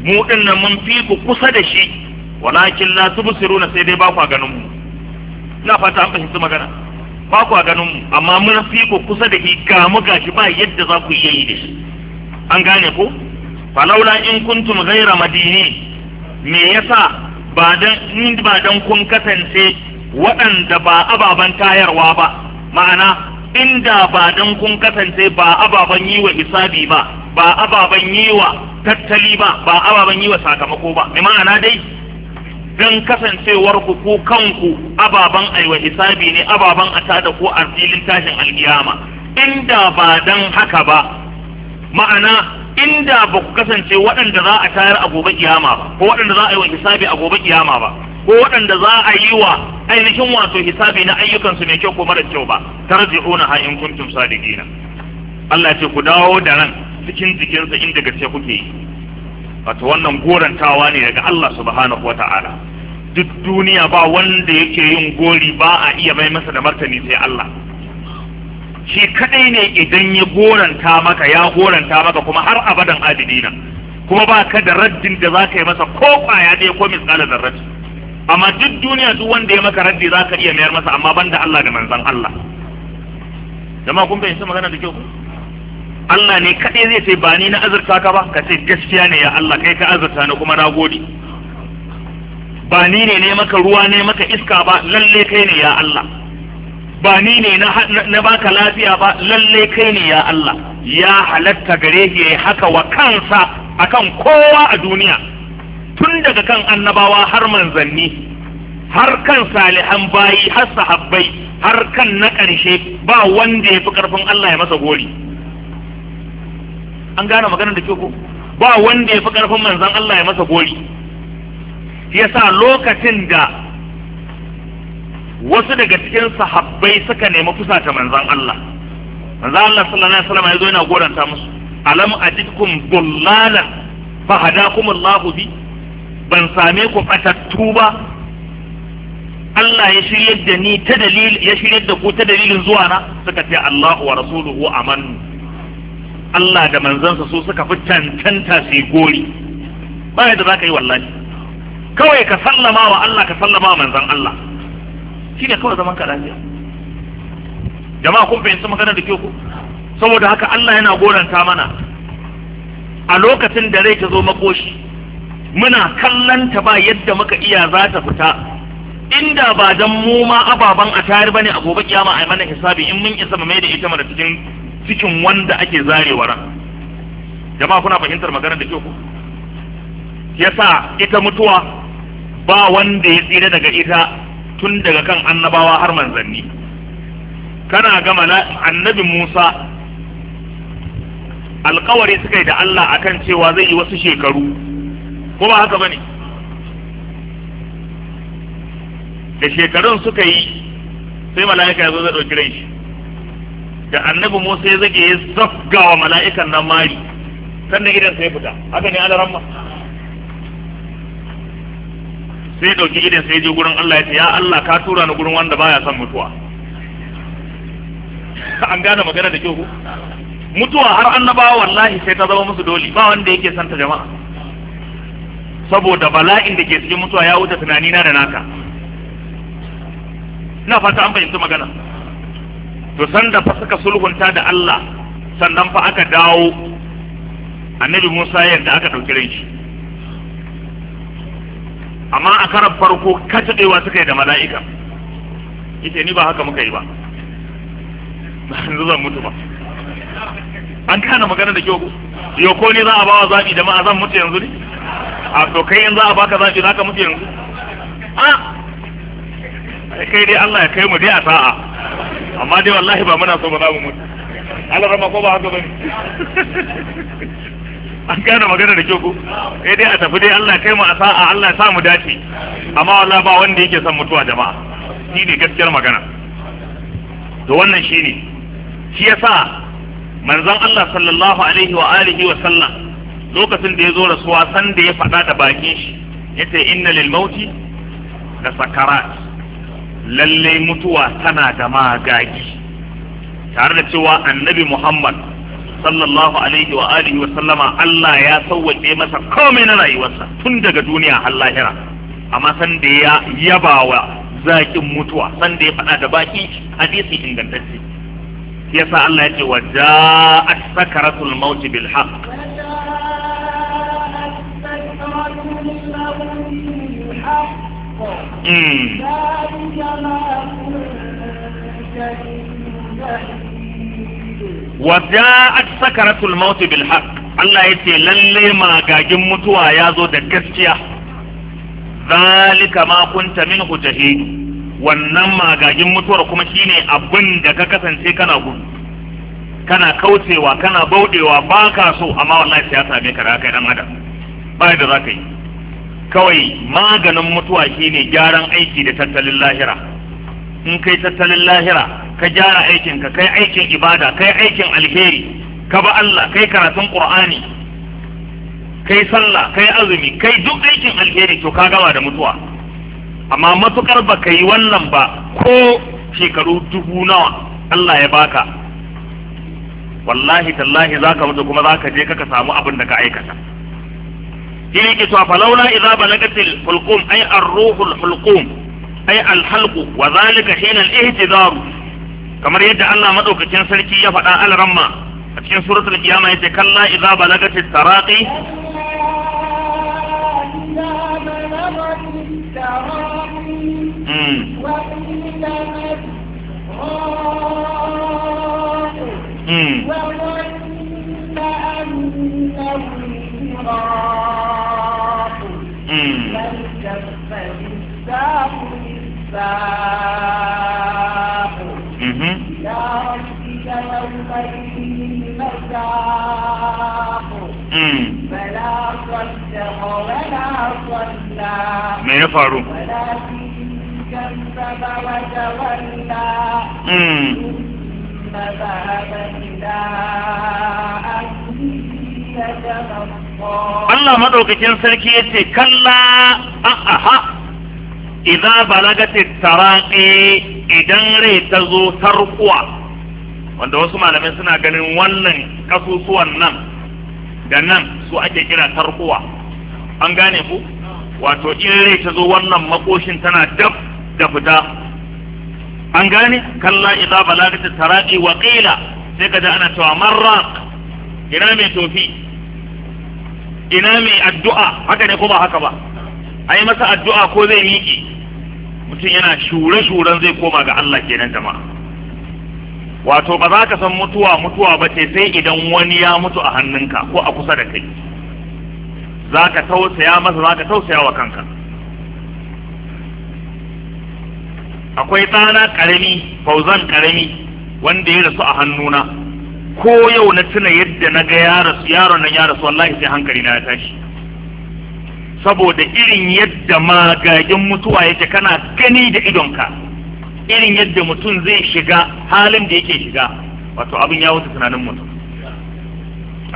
mu dinnan mun fi ku kusa da shi walakin la tubsiruna sai dai ba ku ganin mu na fata an fahimci magana ba ku ganin mu amma mun fi ku kusa da shi ga mu gashi ba yadda za ku iya yi da shi an gane ko falaula in kuntum ghaira madini me yasa ba dan ba dan kun kasance waɗanda ba ababan tayarwa ba ma'ana inda ba dan kun kasance ba ababan yi wa hisabi ba ba ababan yi wa tattali ba ba ababan yi wa sakamako ba me ma'ana dai dan kasancewar ku ko kanku ababan aiwa hisabi ne ababan a tada ko a filin tashin alkiyama inda ba dan haka ba ma'ana inda ba ku kasance waɗanda za a tayar a gobe kiyama ba ko waɗanda za a yi wa hisabi a gobe kiyama ba ko waɗanda za a yi wa ainihin wato hisabi na ayyukansu mai kyau ko mara kyau ba tarji'una ha in kuntum sadiqina Allah ce ku dawo da ran cikin jikinsa inda gaske kuke yi wato wannan gorantawa ne daga Allah subhanahu wata'ala duk duniya ba wanda yake yin gori ba a iya mai masa da martani sai Allah shi kadai ne idan ya goranta maka ya goranta maka kuma har abadan abidina kuma ba ka da raddin da zaka yi masa ko kwaya ɗaya ko da zarrat amma duk duniya duk wanda ya maka raddi zaka iya mayar masa amma banda Allah da manzon Allah jama'a kun fahimci magana da kyau Allah ne kadai zai ce ba ni na azurta ka ba ka ce gaskiya ne ya Allah kai ka azurta ni kuma na gode ba ni ne ne maka ruwa ne maka iska ba lalle kai ne ya Allah ba ni ne na baka lafiya ba lalle kai ne ya Allah ya halatta gare shi yayi haka wa kansa akan kowa a duniya tun daga kan annabawa har manzanni har kan salihan bayi har sahabbai har kan na ƙarshe ba wanda ya fi ƙarfin Allah ya masa gori an gane maganar da ke ko ba wanda ya fi ƙarfin manzan Allah ya masa gori ya lokacin da wasu daga cikin sahabbai suka nemi ta manzan Allah manzan Allah sallallahu alaihi wasallam zo yana goranta musu alam ajidkum dullalan fa hadakum Allahu bi ban same ku batattu ba Allah ya shiryar da ni ta dalil ya shiryar da ku ta dalilin zuwa na suka ce Allahu wa rasuluhu amannu Allah da manzansa su suka fi tantanta su gori ba yadda za ka yi wallahi kawai ka sallama wa Allah ka sallama wa manzan Allah shi ne kawai zaman ka jama'a kun fahimci magana da ke ku saboda haka Allah yana goranta mana a lokacin da rai ta zo makoshi muna kallon ta ba yadda muka iya za ta fita inda ba dan mu ma ababan a tayar bane a gobe kiyama a mana hisabi in mun isa mai da ita mara cikin cikin wanda ake zarewa ran jama'a kuna fahimtar maganar da ke ku yasa ita mutuwa ba wanda ya tsira daga ita tun daga kan annabawa har manzanni kana gama annabi Musa alkawari suka yi da Allah akan cewa zai yi wasu shekaru ko ba haka ba ne? da shekarun suka yi sai mala'ika ya zo zai ɗauki shi da annabi Musa ya zage ya zafgawa mala'ikan nan mari sannan idan sai fita haka ne ramma sai dauki gidan sai je gurin Allah ya ce ya Allah ka tura ni gurin wanda baya son mutuwa an gane magana da kyau mutuwa har annabawa wallahi sai ta zama musu doli ba wanda yake son ta jama'a saboda bala'in da ke cikin mutuwa ya wuce tunani na da naka na fata an fahimci magana to sanda fa suka sulhunta da Allah sannan fa aka dawo annabi Musa yadda aka dauki ran shi amma a karan farko kacaɗewa suka yi da mala'ika ita ni ba haka muka yi ba zan mutu ba an kana magana da kyau yau ko ne za a bawa zaɓi da ma zan mutu yanzu ne a to kai in za a baka zaɓi za ka mutu yanzu a kai dai Allah ya kai mu dai a sa'a amma dai wallahi ba muna so ba za mu mutu Allah rama ko ba haka ba ne an gane magana da kyau ko eh dai a tafi dai Allah kai mu a sa'a Allah ya sa mu dace amma wallahi ba wanda yake son mutuwa jama'a shi ne gaskiyar magana to wannan shi ne shi yasa manzon Allah sallallahu alaihi wa alihi wa sallam lokacin da ya zo rasuwa san da ya faɗa da bakin shi yace inna lil mauti da sakarat lalle mutuwa tana da magagi tare da cewa annabi Muhammad sallallahu alaihi wa alihi wa sallama Allah ya sauwaƙe masa komai na rayuwarsa tun daga duniya har lahira amma san da ya yabawa zakin zaƙin mutuwa san da ya faɗa da baki hadisi ingantacce yasa Allah ya ce wa ja'at sakaratul maut bil haqq Mm. wa sakaratul maut bil haqq Allah yace lalle magagin mutuwa ya zo da gaskiya zalika ma kunta min hujahi. wannan magagin mutuwar kuma shine abin da ka kasance kana gudu kana kaucewa kana baudewa ba ka so amma wallahi sai ya same ka da kai dan adam ba da za ka yi kawai maganin mutuwa shine gyaran aiki da tattalin lahira in kai tattalin lahira ka gyara aikinka kai aikin ibada kai aikin alheri ka ba Allah kai karatun qur'ani kai sallah kai azumi kai duk aikin alheri to ka gama da mutuwa amma matukar ba ka yi wannan ba ko shekaru dubu nawa Allah ya baka wallahi tallahi zaka mutu kuma zaka je ka samu abin da ka aikata shine ke cewa falaula idza balagatil hulqum ay ar-ruhul hulqum ay al-halqu wa dhalika hina al-ihtidaru kamar yadda Allah madaukakin sarki ya faɗa alramma a cikin suratul qiyama yace kalla idza balagatit taraqi Mm. Mm-hmm. me ya faru mm. Allah maɗaukakin sarki ya ce kalla a'a idza balagati taraqi idan rai ta zo sarkuwa wanda wasu malamai suna ganin wannan kasusuwan nan da nan su ake kira sarkuwa an gane ku wato in rai ta zo wannan makoshin tana dab da fita an gane kalla idza balagati taraqi wa qila sai kaje ana cewa marraq ina mai tofi ina mai addu'a haka ne ko ba haka ba a yi masa addu'a ko zai miƙe mutum yana shure-shuren zai koma ga Allah kenan jama'a wato ba za ka san mutuwa mutuwa ba ce sai idan wani ya mutu a hannunka ko a kusa da kai za ka tausaya masa za ka tausaya wa kanka akwai tsana ƙarami fauzan ƙarami wanda ya rasu a hannuna ko yau na tuna yadda na ga yaron nan ya rasu wallahi sai hankali na ya tashi saboda irin yadda magagin mutuwa yake kana gani da idonka irin yadda mutum zai shiga halin da yake shiga wato abin ya wuce tunanin mutum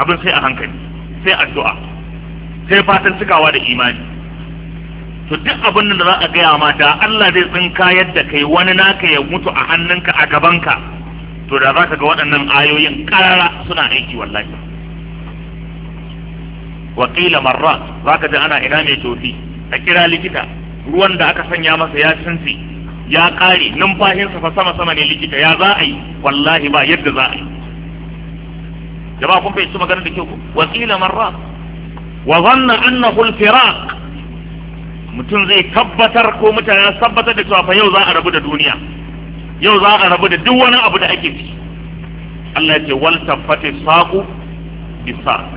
abin sai a hankali sai addu'a sai fatan cikawa da imani to duk abin da za a gaya ma da Allah zai tsinka yadda kai wani naka ya mutu a hannunka a gabanka to da za ka ga waɗannan ayoyin ƙarara suna aiki wallahi wa Marra za ka ji ana ina mai tofi a kira likita ruwan da aka sanya masa ya tsinsi ya kare numfashinsa fa sama sama ne likita ya za a yi wallahi ba yadda za a yi jama'a kun fahimci magana da kyau wa marra wa zanna annahu al mutum zai tabbatar ko mutane tabbatar da cewa fa yau za a rabu da duniya yau za a rabu da duk wani abu da ake ci Allah ya ce wal tafati saqu bisaq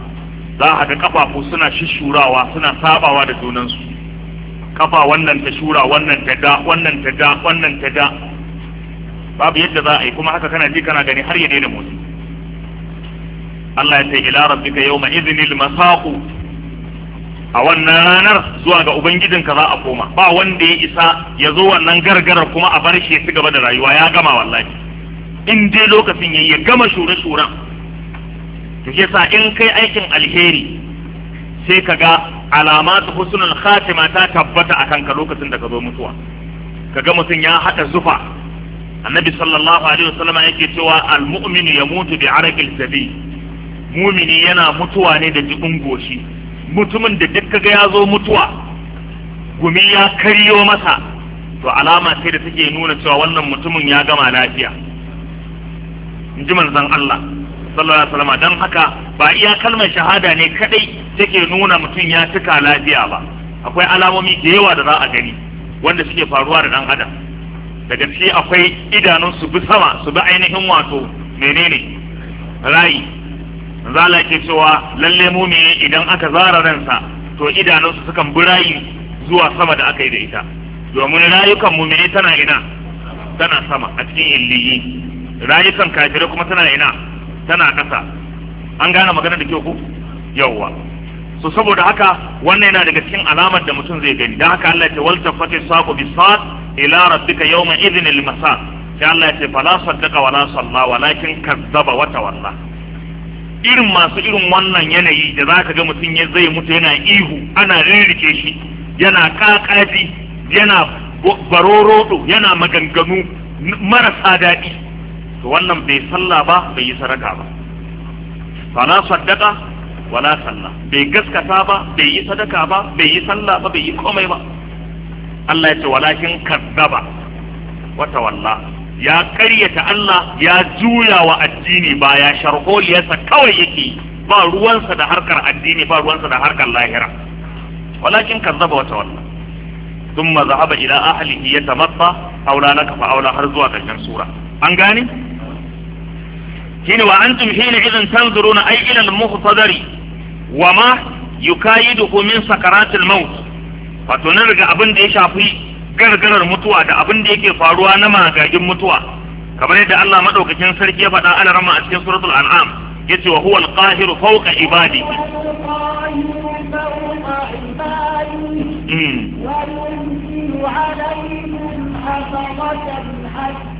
za a ga kafafu suna shishurawa suna sabawa da junansu kafa wannan ta shura wannan ta da wannan ta da wannan ta da babu yadda za a yi kuma haka kana ji kana gani har ya daina motsi Allah ya sai ila rabbika yawma idhnil masaqu a wannan ranar zuwa ga ubangijinka za a koma ba wanda ya isa ya zo wannan gargarar kuma a bar shi ya ci gaba da rayuwa ya gama wallahi in dai lokacin yayi ya gama shure-shuren to shi yasa in kai aikin alheri sai ka ga alamatu husnul khatima ta tabbata akan ka lokacin da ka zo mutuwa kaga mutum ya hada zufa annabi sallallahu alaihi wasallam yake cewa almu'minu yamutu bi araqil sabi mumini yana mutuwa ne da jikin goshi mutumin da duk kaga ya zo mutuwa gumi ya karyo masa to alama sai da take nuna cewa wannan mutumin ya gama lafiya in ji manzon Allah sallallahu alaihi wasallam dan haka ba iya kalmar shahada ne kadai take nuna mutum ya cika lafiya ba akwai alamomi da yawa da za a gani wanda suke faruwa da dan adam daga ciki akwai idanun su bi sama su bi ainihin wato menene rai zala ke cewa lalle ne idan aka zara ransa to idanunsu sukan bi rayi zuwa sama da aka yi da ita domin rayukan mumini tana ina tana sama a cikin illiyi rayukan kafirai kuma tana ina tana ƙasa an gane magana da kyau ko yawwa so saboda haka wannan yana daga cikin alamar da mutum zai gani dan haka Allah ya ce wal tafati saqu bi saq ila rabbika yawma idhin al masa sai Allah ya ce fala saddaqa la salla walakin kazzaba wa tawalla irin masu irin wannan yanayi da zaka ga mutum ya zai mutu yana ihu ana rirrike shi yana kakaji yana barorodo yana maganganu marasa daɗi to wannan bai sallah ba bai yi sadaka ba fala saddaka wala sallah. bai gaskata ba bai yi sadaka ba bai yi sallah ba bai yi komai ba Allah ya ce walakin kazzaba wata walla ya karyata Allah ya juya wa addini ba ya sharholiyarsa kawai yake ba ruwansa da harkar addini ba ruwansa da harkar lahira walakin kazzaba wata walla ثم ذهب إلى أهله يتمطى أولى لك فأولى har zuwa ƙarshen sura. an gane shine wa antum hina idan tanzuruna ay ila al-muhtadari wa ma yukayiduhu min sakarat al-maut wato na riga abin da ya shafi gargarar mutuwa da abin da yake faruwa na magagin mutuwa kamar yadda Allah madaukakin sarki ya faɗa ala rama a cikin suratul an'am yace wa huwa al-qahiru fawqa ibadihi hmm. وينزل عليكم حفظة حتى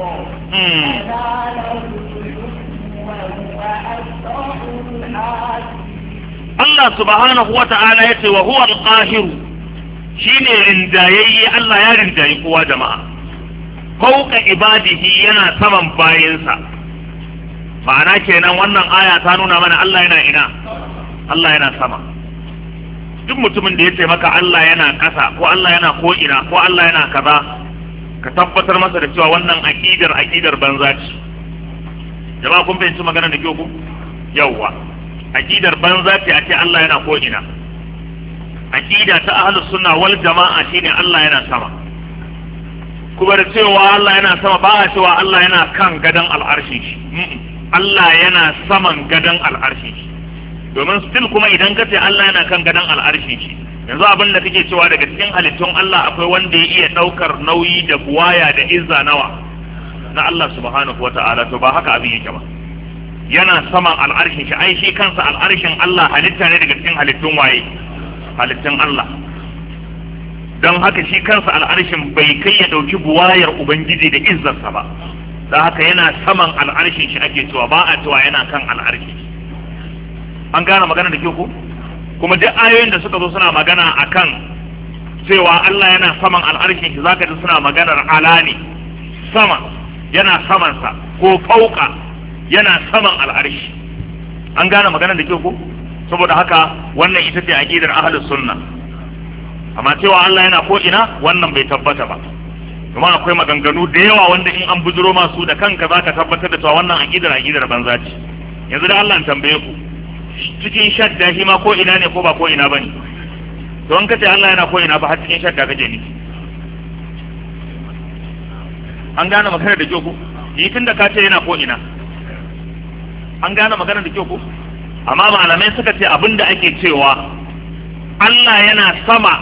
Hmm. Allah subhanahu wa ta'ala ya ce wa huwa al qahir shine rinjayayye Allah ya rinjayi kowa jama'a fauka ibadihi yana saman bayinsa ma'ana kenan wannan aya ta nuna mana Allah yana ina Allah yana sama duk mutumin da ya ce maka Allah yana ƙasa ko Allah yana ko ina ko Allah yana kaza ka tabbatar masa da cewa wannan aƙidar aƙidar banza ce jama'a kun fahimci magana da kyau ku yawwa aƙidar banza ce a ce Allah yana ko ina aƙida ta ahlus sunna wal jama'a shine Allah yana sama kuma da cewa Allah yana sama ba a cewa Allah yana kan gadon al'arshi shi. Allah yana saman gadon al'arshi domin still kuma idan ka ce Allah yana kan gadon al'arshi shi. yanzu abin da kake cewa daga cikin halittun Allah akwai wanda ya iya ɗaukar nauyi da buwaya da izza nawa na Allah subhanahu wata'ala to ba haka abin yake ba yana saman al'arshin shi ai shi kansa al'arshin Allah halitta ne daga cikin halittun waye halittun Allah don haka shi kansa al'arshin bai kai ya ɗauki buwayar ubangiji da izzarsa ba don haka yana saman al'arshin shi ake cewa ba a cewa yana kan al'arshin an gane magana da ke ko kuma duk ayoyin da suka zo suna magana a kan cewa Allah yana saman al'arshin shi zaka ji suna maganar ala ne sama yana samansa ko fauka yana saman al'arshi an gane maganar da ke ko saboda haka wannan ita ce aqidar ahlus sunna amma cewa Allah yana ko ina wannan bai tabbata ba kuma akwai maganganu da yawa wanda in an bujuro masu da kanka zaka tabbatar da cewa wannan aqidar aqidar banza ce yanzu da Allah tambaye ku cikin shadda shi ma ko ina ne ko ba ko ina bane don kace Allah yana ko ina ba har cikin shadda kake ne an gane magana da kyau ko yi tun da ce yana ko ina an gane magana da kyau ko amma malamai suka ce abinda ake cewa Allah yana sama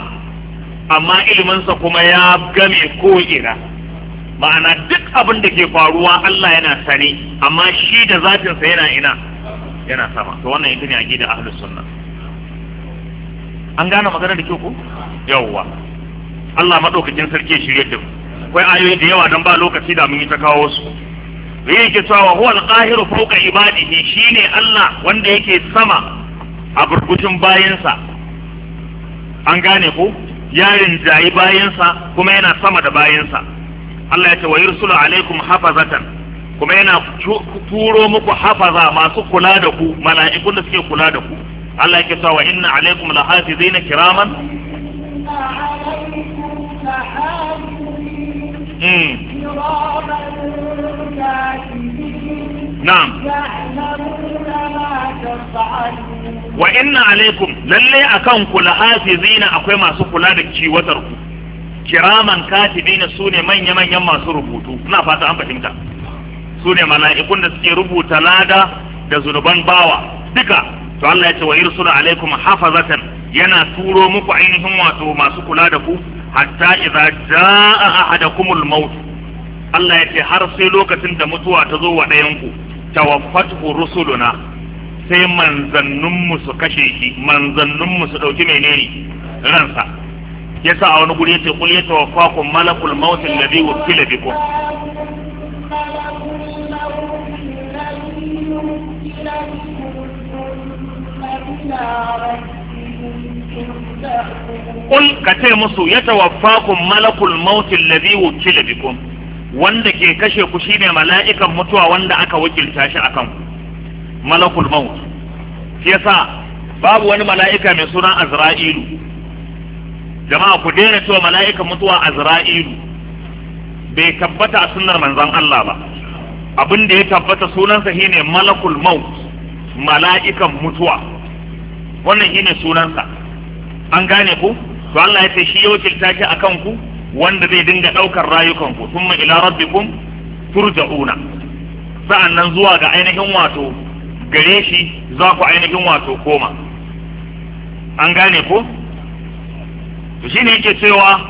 amma iliminsa kuma ya game ko ina ma'ana duk abin da ke faruwa Allah yana sani amma shi da zatinsa yana ina yana sama to wannan ita ne gida ahlus sunna an gane magana da kyau ku. yawwa Allah madaukakin sarki ya shirye da akwai ayoyi da yawa dan ba lokaci da mun yi ta kawo su da ke cewa huwa al-qahiru fawqa ibadihi shine Allah wanda yake sama a burkushin bayansa an gane ku. Yarin rinjayi bayansa kuma yana sama da bayansa Allah ya ce wa yursulu alaikum hafazatan kuma yana turo muku hafaza masu kula da ku mala'ikun da suke kula da ku Allah yake cewa inna alaikum lahafizina kiraman hmm. Na'am. Wa inna alaikum lalle akan ku lahafizina akwai masu kula da kiwatar ku. Kiraman katibina sune manya-manyan masu rubutu. Ina fata an fahimta. su ne mala'ikun da suke rubuta lada da zunuban bawa duka to Allah ya ce wa irsulu alaikum hafazatan yana turo muku ainihin wato masu kula da ku hatta idza jaa ahadakumul maut Allah ya ce har sai lokacin da mutuwa ta zo wa ɗayan ku tawaffatu rusuluna sai mu su kashe shi mu su ɗauki menene ransa yasa a wani guri yace kul yatawaffakum malakul maut alladhi wukila bikum Kul ka ce musu ya tawaffakun malakul mautin ladhi wukila bikum wanda ke kashe ku shine mala'ikan mutuwa wanda aka wakilta shi akan malakul maut shi yasa babu wani mala'ika mai sunan azra'ilu jama'a ku daina cewa mala'ikan mutuwa azra'ilu bai tabbata a sunnar manzon Allah ba abin da ya tabbata sunansa shine malakul maut mala'ikan mutuwa wannan shine sunansa an gane ku to Allah ya ce shi ya wakilta shi akan ku wanda zai dinga daukar rayukan ku thumma ila rabbikum turja'una sa'annan zuwa ga ainihin wato gare shi za ku ainihin wato koma an gane ku to shine yake cewa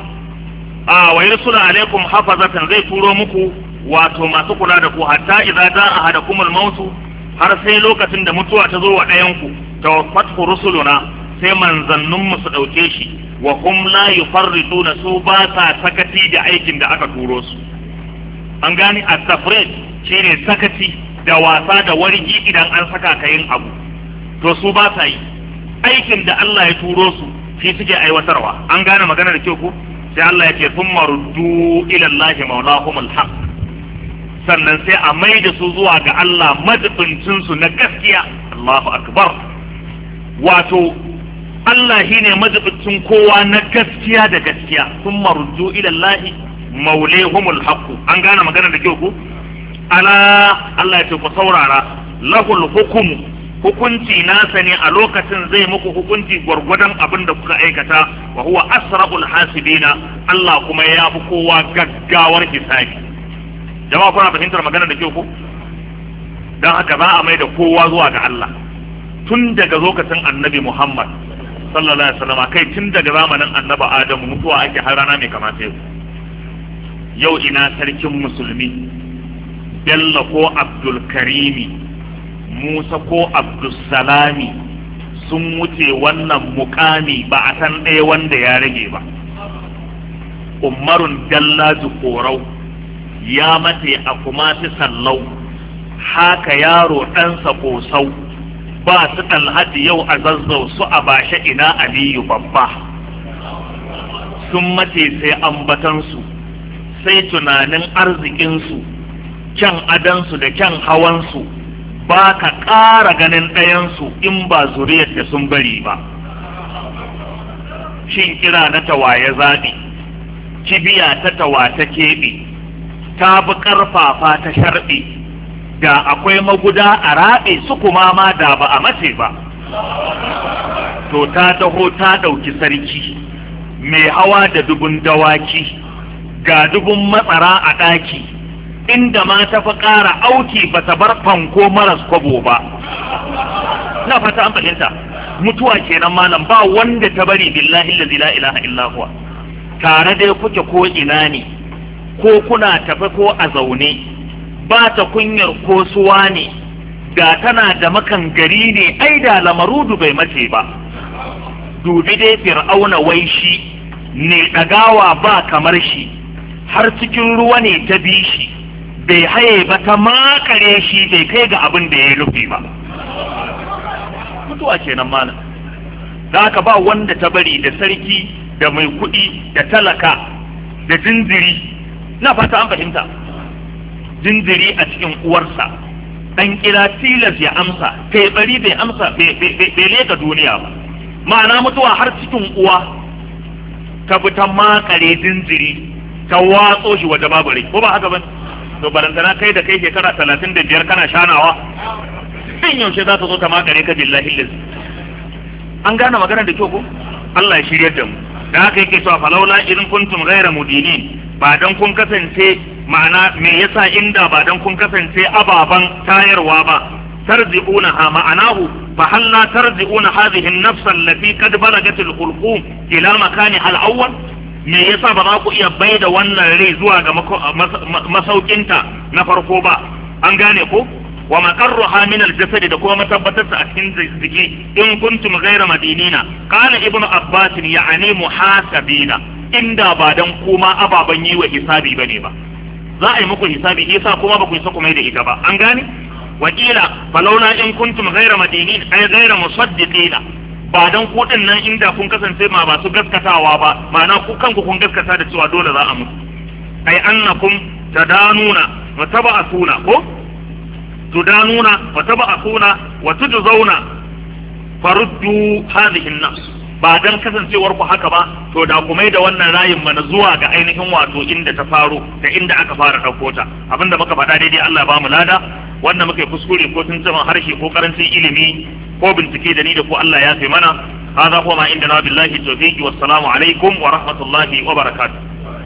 a wa yarsulu alaikum hafazatan zai turo muku wato masu kula da ku hatta idza za a mautu har sai lokacin da mutuwa ta zo wa ɗayan ku tawaffatu rusuluna sai manzannun mu su dauke shi wa hum la yufarriduna su ba sa sakati da aikin da aka turo su an gane a tafrid shine sakati da wasa da wargi idan an saka kayin abu to su ba sa yi aikin da Allah ya turo su shi suke aiwatarwa an gane maganar kyau ku, sai Allah ya ce thumma ruddu ila maulahumul haqq sannan sai a mai da su zuwa ga Allah majibincin na gaskiya Allahu akbar wato Allah ne majibincin kowa na gaskiya da gaskiya sun marju ila Allah maulehumul an gane magana da kyau ku. ala Allah ya ce ku saurara lahul hukumu hukunci nasa ne a lokacin zai muku hukunci gwargwadon abin da kuka aikata wa huwa asra'ul hasibina Allah kuma ya fi kowa gaggawar hisabi jama'a kuna fahimtar magana da kyau ko don haka za a mai da kowa zuwa ga Allah tun daga lokacin annabi Muhammad sallallahu alaihi wasallam kai tun daga zamanin annabi Adamu mutuwa ake har rana mai kamata yau yau ina sarkin musulmi Bello ko Abdul Karimi Musa ko Abdul Salami sun wuce wannan mukami ba a san ɗaya wanda ya rage ba umarun dallaju korau ya mate a kuma sallau haka yaro ɗansa kosau, ba su talhadi yau a zazzau su a bashe ina aliyu babba sun mace sai ambatansu sai tunanin arzikinsu kyan adansu da kyan hawansu ba ka ƙara ganin ɗayansu in ba zuriyar da sun bari ba shin kira na tawaye zaɓi kibiya ta tawa ta keɓe ta bi ƙarfafa ta sharɗi da akwai maguda a raɓe su kuma ma da ba a mace ba to ta taho ta ɗauki sarki mai hawa da dubun dawaki ga dubun matsara a ɗaki inda ma ta fi ƙara auki ba ta bar fanko maras kwabo ba na fata an fahimta mutuwa kenan malam ba wanda ta bari billahi la ilaha illa huwa tare dai kuke ko ina ne ko kuna tafe ko a zaune ba ta kunyar ko suwa ne ga tana da makan gari ne ai da lamarudu bai mace ba dubi dai fir'auna wai shi ne ɗagawa ba kamar shi har cikin ruwa ne ta bi shi bai haye ba ta makare shi bai kai ga abin da ya rufe ba mutuwa kenan malam za ka ba wanda ta bari da sarki da mai kuɗi da talaka da jinziri na fata an fahimta jinjiri a cikin uwarsa dan kira tilas ya amsa kai bari bai amsa bai leka duniya ba ma'ana mutuwa har cikin uwa ka bi ta makare jinjiri ka watso shi waje babu rai ko ba haka ba to barantana kai da kai shekara talatin da biyar kana shanawa in yaushe za ta zo ta makare ka billahi liz an gane maganar da kyau ko Allah ya shiryar da mu da haka yake cewa falaula idan kuntum ghaira mudinin ba don kun kasance ma'ana me yasa inda ba don kun kasance ababan tayarwa ba tarji'unaha ma'anahu fa hal la tarji'una hadhihi an-nafs allati qad balagat al-khulqum ila makani al-awwal me yasa ba za ku iya bai da wannan rai zuwa ga masaukinta na farko ba an gane ko wa maqarruha min al-jasad da kuma matabbatar sa a cikin jiki in kuntum ghayra madinina qala ibnu abbas ya'ani muhasabina inda ba dan kuma ababen yi wa hisabi bane ba za a yi muku hisabi yasa kuma ba ku isa kuma da ita ba an gane wakila falaula in kuntum ghaira madinin ay ghaira musaddiqina ba dan ku nan inda kun kasance ma ba su gaskatawa ba ma'ana ku kanku kun gaskata da cewa dole za a mutu ay annakum tadanuna wa tabasuna ko tudanuna wa tabasuna wa tujzauna faruddu hadhihi an-nafs ba dan kasancewar ku haka ba to da kuma da wannan rayin mana zuwa ga ainihin wato inda ta faro da inda aka fara ɗauko ta abinda muka faɗa daidai Allah ba mu lada wannan muka yi kuskure ko tuntuban harshe ko karancin ilimi ko bincike da ni da ku Allah ya fi mana هذا هو ما عندنا بالله التوفيق والسلام عليكم ورحمة الله وبركاته